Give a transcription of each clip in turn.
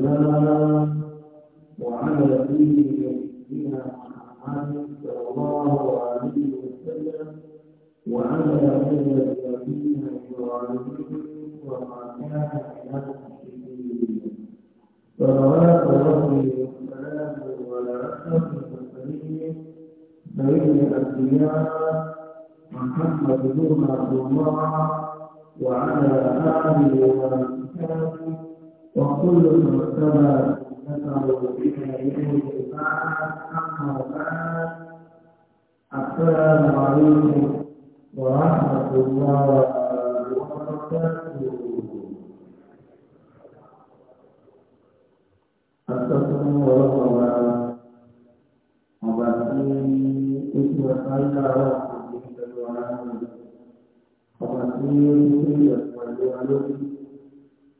الإسلام وعمل فيه بنا محمد صلى الله عليه وسلم وعمل بين الذين يعلمون وما كان من المشركين صلوات ربي وسلامه على أشرف المرسلين سيد الأنبياء محمد بن عبد الله وعلى آله وصحبه وكل من اتبع سنته بإيمان أما بعد السلام عليكم ورحمة الله وبركاته Assalamualaikum warahmatullahi wabarakatuh. Mabati itu berkali-kali dalam hidup kita. Mabati itu berkali-kali dalam hidup kita.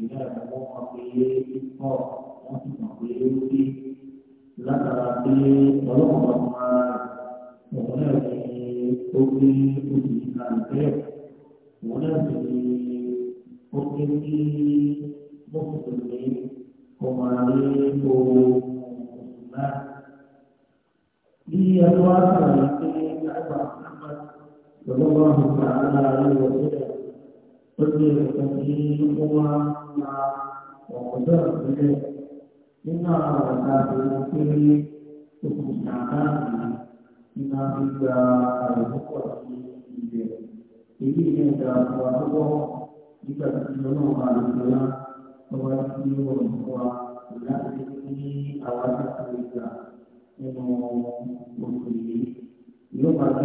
ìyá ìyàwó wọn pé pọ̀ wọ́n sì mọ̀ pé ó dé látara pé ọlọ́run ọmọ òun náà ní ó gbé òbí àlùfẹ́ òun náà sì ní ó gbé sí mọ́kùnrin ní ọmọ àlẹ́ òun náà. Bí ẹni wá sọ̀rọ̀ pé àgbà Muhammad lọ́wọ́ àwọn ọmọ àlẹ́ òun náà lórí ẹ̀sìn tí ó wá ń ma ọ̀pọ̀jọ́ ìpínlẹ̀ nínú àwọn ọ̀gá àbẹ̀wò pé oṣù sàkáàkì ni máa fi gba àrùkọ́ sí ibẹ̀. èyí ni ẹ̀dá àbúrò àbúrò nígbà tí ọlọ́run àlùkò náà ọba tí ó rọ̀ fún wa ní àwọn akẹ́kọ̀ọ́ ìgbà nínú oṣù yìí yóò máa gbé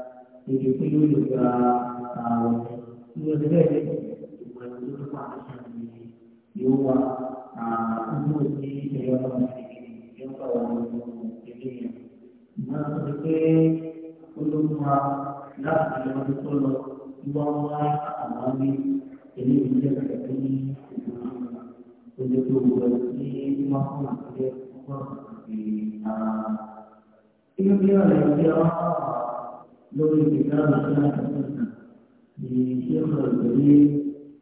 èdè tí yóò lè gba ààrùn ní ọdún bẹ́ẹ̀ ní ìmọ̀ ẹ̀rọ tó wà nínú ìyẹn yóò wà ààrùn ní ẹ̀rọ ọmọ ìdílé yóò bá wà nínú ìdílé yẹn. ìmọ̀ ẹ̀rọ tó pé olóhùn wa láti ẹ̀rọ ọdún tó lọ ìwà wá àwọn àmì ẹ̀lẹ́ ìjẹ́ kẹ̀kẹ́ ní ìgbà tó gbogbo ẹ̀ ní wọ́n fún àtúnṣe ọgbọ́n àti ààrùn. inú bí ọ̀rẹ́ ìjẹ́ wọn Lalu kita melakukan di Syekhul Bani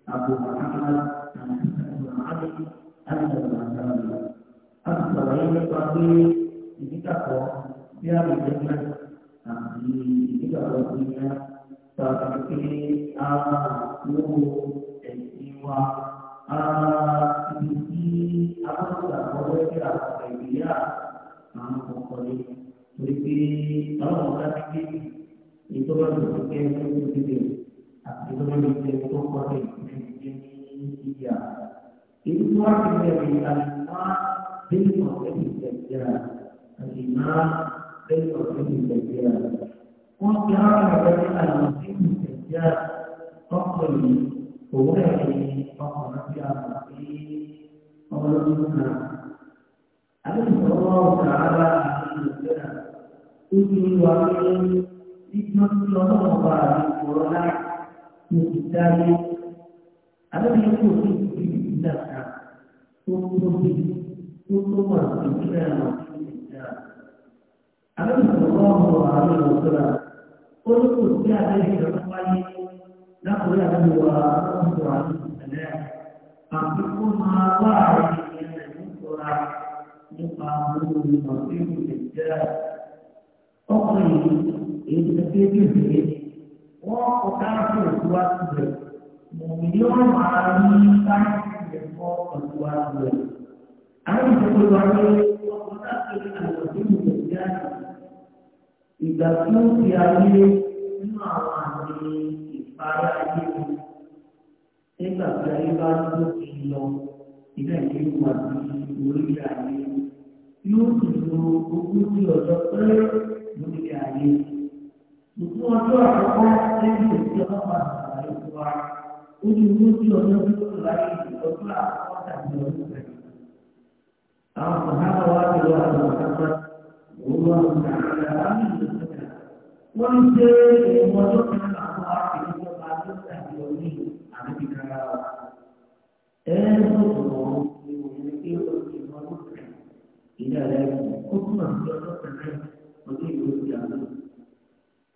Abu Muhammad dan Syekhul Ali dan Syekhul Ali. Abu Ali berkata, dia berjalan di tiga dunia seperti Abu Iwa Abi Abu Sa'ad Abu Sa'ad Abu Sa'ad Abu Sa'ad Abu Sa'ad Abu Sa'ad Abu itulah kan bukti kan yang penting. Itu bukti yang penting. Ini dia. Itu surat yang diberikan lima bintang dari sejarah. Lima bintang dari sejarah. Mungkin ada dari lima bintang sejarah. Okey, boleh ini. Apa nanti apa ini? Apa lagi? Ada semua orang ada di sana. Ujung wajah signos filósofos como para la corona necesitaria. A ver, yo puedo decir que la casa, justo por la cultura de la A ver, yo puedo decir que la doctora, o yo puedo decir que la doctora, la doctora, la doctora, la doctora, la doctora, la doctora, la doctora, la doctora, la doctora, la doctora, la doctora, la doctora, la doctora, la doctora, la doctora, Yóò tìlú ogún tí ọjọ́ pẹ́lú lórí ayé. Ìlú ọjọ́ àkọ́kọ́ lẹ́yìn òsì ọlọ́pàá àgbàlẹ̀ wa. Ó ní lójú ọjọ́ tí ó láyé ìtọ́jú àkọ́kọ́ tàbí ọdún rẹ̀. Àwọn sàmáà wá ti wá àwọn ọ̀sánmá. Òun wá àwọn àgbàlẹ̀ láti ìlú ọjà. Wọ́n ń ṣe ìwọ̀n ọjọ́ kan àwọn àkìlẹ̀ ìjọba tó tàbí ọdún àti ìkara wa. Ẹ̀ẹ́dẹ́gbẹ̀rún ọ̀hún ni òun ní kí ó ti ìwọ̀n ọdún rẹ̀. Ìdá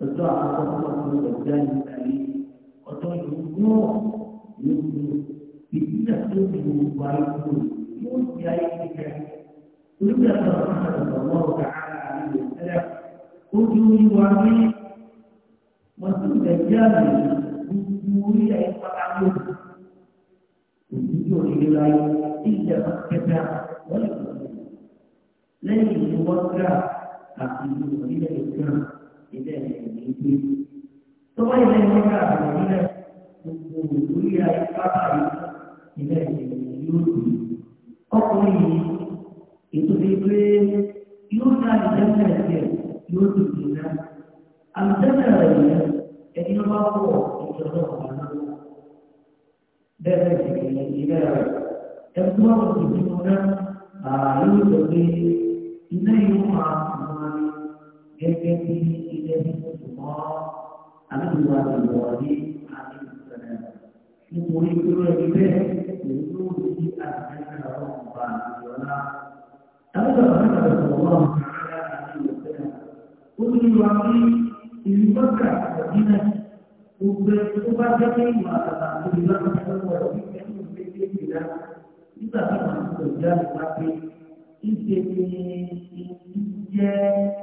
Tentu akan sempat menjadikan dari Otoy Ungu Ungu Bikinnya sungguh baik pun Mungkin jahit kita Sudah terasa dengan Allah Ta'ala Ada Ujung wangi Masuk dajjal Mungkin jahit patah Ujung ini lain Tidak berkata Walaupun Lain itu wakrah Tapi itu tidak berkata ini yang ini. Semua yang mereka berikan untuk dunia kata ini yang ini. Okey, itu diklaim Yunan dan Malaysia. Yunan dan Malaysia. Amerika dan Eropa itu adalah mana? Dari segi ini dan semua orang ini. Ah, ini lebih ini yang gẹ́gẹ́ bí ilé ìfọ̀mọ́ àdúgbò àtìwọ́lé àti ìfẹ̀lẹ̀. nítorí pé ẹni bẹ́ẹ̀ kò ní ó lè ní àtìwẹ́sẹ̀ àwọn ọ̀gbà àtìwọ́lá. àdúgbò àtìwọ́lá ti sọ̀rọ̀ wọn nígbà àti ìwọ̀fẹ́ rẹ̀. ó ti wá sí ìlú bọ́kà àti ìwọ̀fẹ́ rẹ̀. ó bá jẹ́ pé ìwà àtàtà àti ìlú àtàtà rẹ̀ ń bẹ̀rù ìgbésẹ̀ ìgbésẹ̀ ìgbésẹ̀ ìgbésẹ̀ �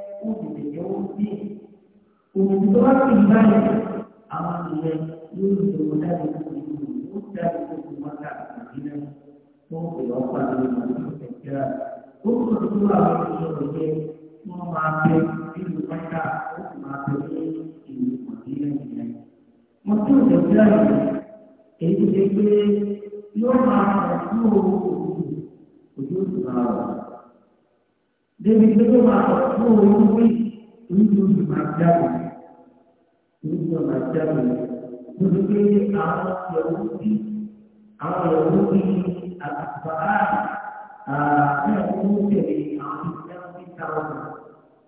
òun tó bá fi báyìí àwọn ìyẹn yóò lò ó dájú kò ní ìlú ó dájú kò ní wọn ká àbílẹ̀ fún ìwà pàdé ìwà tó fẹ́ kíra ó kò tó àwọn ìṣòro jẹ kí wọ́n máa bẹ nínú mẹ́ta ó sì máa bẹ ní ìlú ìpàdílẹ̀ ìyẹn. wọ́n tó lè kíra yìí èyí ṣe pé yóò máa rọ̀ fún òun òjò òjò máa rọ̀ débi pé yóò máa rọ̀ fún òun wí. Thank you. juga macam mungkin anak Yahudi, anak Yahudi atas barat, anak ah, Yahudi anak ah, yang kita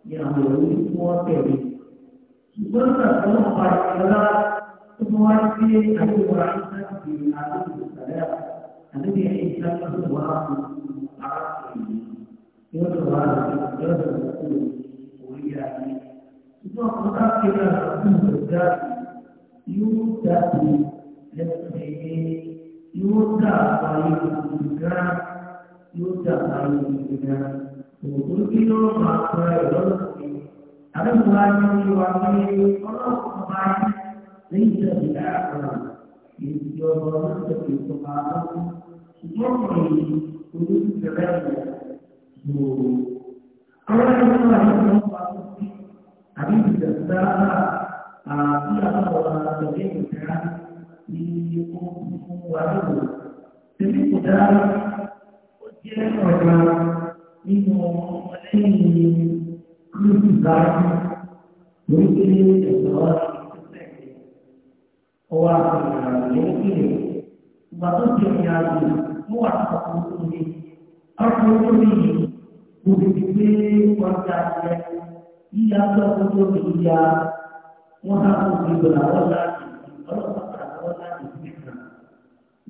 yang Yahudi semua jadi. Sebenarnya semua pada semua ini adalah orang yang diambil saya. Anda tidak ingin semua orang ini. Ia adalah orang Allah itu adalah yang kami tidak bisa tidak melakukan sesuatu dengan diukur waktu. Jadi kita ujian orang ini mengenai kerjaan mungkin dalam orang yang mungkin waktu dia di luar waktu ini atau mungkin mungkin dia ia berkumpul di dia, mengaku di benar-benar lagi, berkumpul lagi,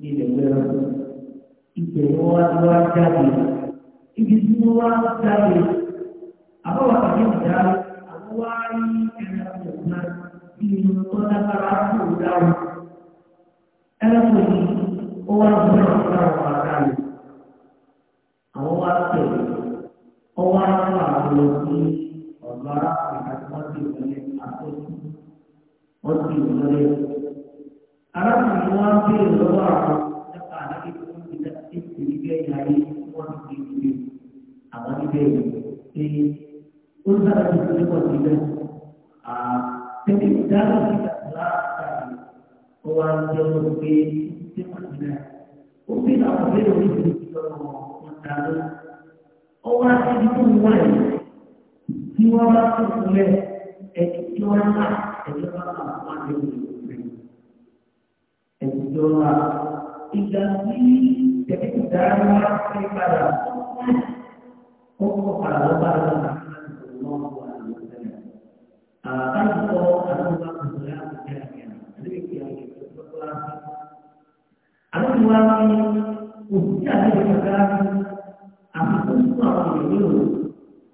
ini benar-benar, ini benar-benar jadi, ini semua jadi, apa wakilnya jadi, awal ini benar-benar, ini benar-benar aku dan, elok ini, orang benar-benar kami, awal ini, awal ini, negara akan mati oleh atas mati oleh anak menguang di luar yang ada itu pun tidak dipilih dari semua individu apa itu di unsur yang disebut pun tidak ketika dalam kita melakukan uang jauh lebih cepat tidak Mungkin apa beda di sini kita mau mencari orang yang dimulai semua orang tu boleh Ekstorlah Ekstorlah Mandi Ekstorlah Ikasi Jadi darah Kepada Pokok para lebar Dan akhirat Allah Tentu Alhamdulillah Alhamdulillah Alhamdulillah Alhamdulillah Alhamdulillah Alhamdulillah Alhamdulillah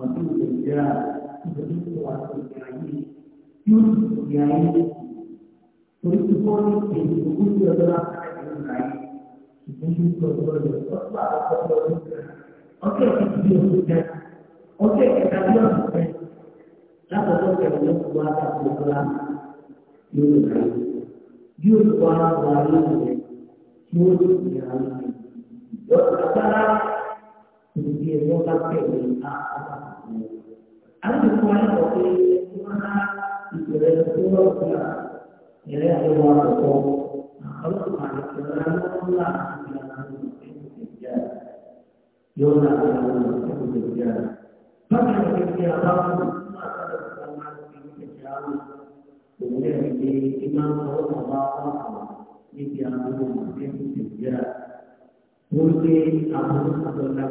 waktu kerja menjadi suatu kiai pun kiai turut pun dihubungi adalah kiai kiai menjadi suatu kerja apa Okey, kita dia Okey, kita dia bukan. Lepas tu kita dia buat satu pelan. Jual lagi. Jual barang baru lagi. Jual lagi. Jual apa lah? Kita dia buat apa? Kita apa? Aku cuma nak bawa ke mana? Ibu saya tua pula. Ia ada semua toko. Kalau tu kan, kalau nak pulak, kita nak pulak. Kerja. Yola kerja, kerja. Macam kerja kamu, macam kerja kamu kerja. Kemudian di iman kalau sama apa, ini yang kamu kerja. Mungkin kamu sudah nak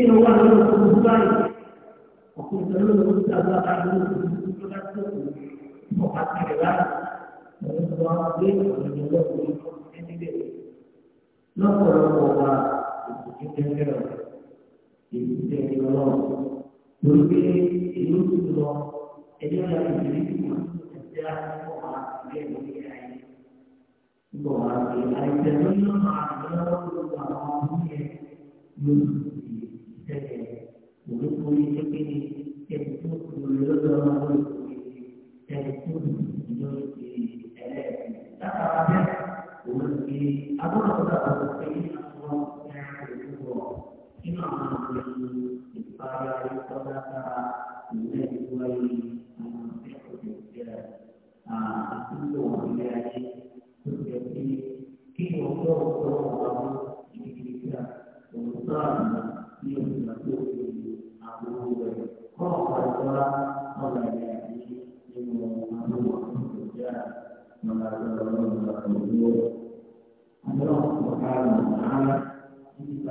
إن الله لكم سلطان وكنت لهم موسى الله تعالى وحتى كذلك ومن الله ومن الله نقول الله يتذكر يتذكر الله يلقي يلقي الله إلى أن يدركوا أشياء وعاء غير مبيعين وعاء غير مبيعين وعاء غير مبيعين olùkóyè kékeré ẹni tó kúrò lọ́dọ̀ ọmọ olùkóyè ẹni tó kúrò lọ́dọ̀ ẹlẹ́ẹ̀kì látara bẹ́ẹ̀ òun ni agbọ́dọ̀gbọ́dọ̀ àwọn òkèèrè àwọn ẹran òkúrò nínú àwọn àgbẹ̀yìn ìparí ayétọ́ látara ìwé ìwé àwọn akẹ́kọ̀ọ́ tó jẹ́ àtúntò ilé ayé tó jẹ́ pé kí ọjọ́ ọjọ́ ọ̀gá wọn.